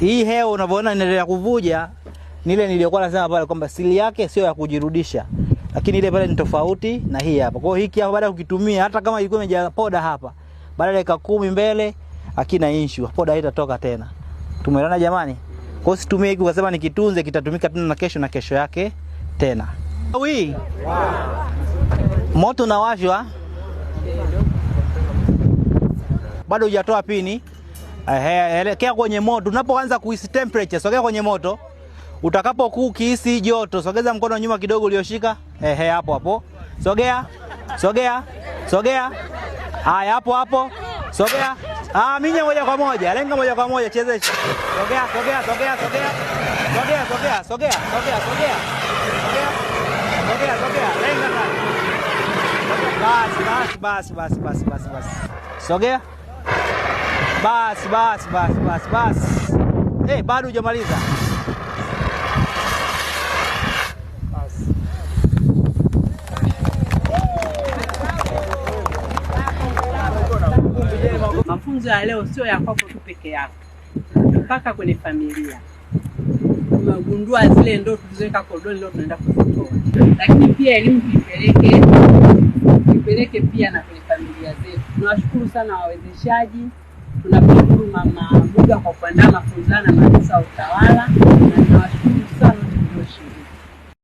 Hii hewa unavyoona inaendelea kuvuja ni ile niliyokuwa nasema pale kwamba sili yake sio ya kujirudisha, lakini ile pale ni tofauti na hii hapa. Kwa hiyo hiki hapa baada ya kukitumia, hata kama ilikuwa imejaa poda hapa, baada ya dakika kumi mbele hakina issue, poda haitatoka tena. Tumeelewana jamani? Kwa hiyo situmie hiki ukasema nikitunze kitatumika tena na kesho na kesho yake tena. Wi. Moto unawashwa. Bado hujatoa pini. Ehe, eh, elekea kwenye moto. Unapoanza kuhisi temperature, sogea kwenye moto. Utakapokuwa ukihisi joto, sogeza mkono nyuma kidogo ulioshika. Ehe, eh, hapo hapo. Sogea. Sogea. Sogea. Haya, hapo hapo. Sogea. Ah, minye moja kwa moja. Lenga moja kwa moja, chezesha. Sogea, sogea, sogea, sogea. Sogea, sogea, sogea, sogea, sogea. Sogea, sogea. sogea. Lenga ndani. Basi, basi, basi, basi, basi, basi. Sogea. Basi basi basi basi basi. Eh, bado hujamaliza. Mafunzo ya leo sio ya kwako tu peke yako, mpaka kwenye familia tumegundua zile ndoo tulizoweka kodoni leo tunaenda kuzitoa, lakini pia elimu tuipeleke tuipeleke pia na kwenye familia zetu. Tunawashukuru sana wawezeshaji tunapokuru mama Buga kwa kuandaa mafunzo na maafisa wa utawala na